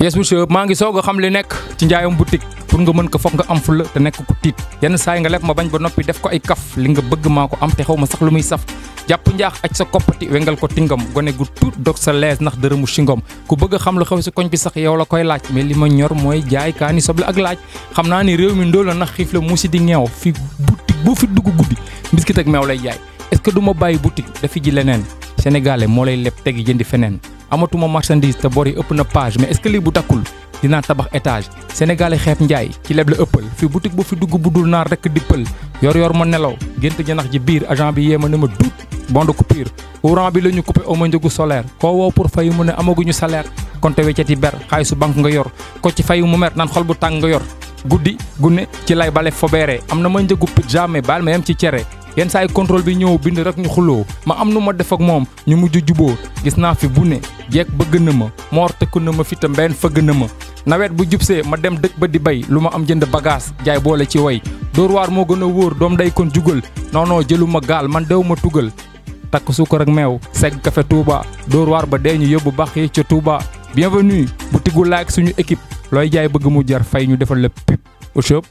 yes monsieur maa ngi soog a xam li nekk ci njaayam boutique pour nga mën ko foog nga am fulla te nekk ko tiit yenn saay nga leb ma bañ ba noppi def ko ay kaf li nga bëgg maa ko am te xaw ma sax lu muy saf jàpp njaax aj sa koppati wengal ko tingam gone gu tuut dog sa lees ndax dërëmu singom ku bëgg xam lu xew si koñ bi sax yow la koy laaj mais li ma ñor mooy jaay kaani soble ak laaj xam naa ni réew mi ndóol la ndax xiif la muusi di ñeew fi boutique boo fi dugg guddi lay jaay est ce que du ma bàyyi boutique dafi ji leneen sénégalais moo lay leb tegi jëndi feneen amatuma marchandise te bor yi ëpp na page mais est-ce que lii bu takkul dinaa tabax étage sénégalais xeeb njaay ci leble ëppal fi boutique bu fi dugg bu dul naar rekk dippal yor yor ma nelaw gént janax ji biir agent bi yéema ne ma duut bon de coupure courant bi la ñu coupé oma njëgu solaire koo woo pour fayu mu ne amaguñu salaire konte weccati ber xaalisu banque nga yor ko ci fay mu mer naan xol bu tàng nga yor guddi gune ci lay bale fobeere am na ma njëgu pit jamais ma yem ci cere yenn saa yi bi ñëw bind rek ñu xuloo ma am nu ma def ak moom ñu mujj juboo gis naa fi bu ne jeeg bëgg na ma moor tëkku na ma fitam benn fëgg na ma nawet bu jubsee ma dem dëkk ba di bay lu ma am jënd bagage jaay boole ci way dóor waar moo gën a wóor doom day kon jugal noonoo jëluma gaal man dew ma tugal takk suukar ak meew segg kafe Touba dóor waar ba dee ñu yóbbu bax yi ca Touba bienvenue bu tiggu laak suñu équipe looy jaay bëgg mu jar fay ñu defal la pip au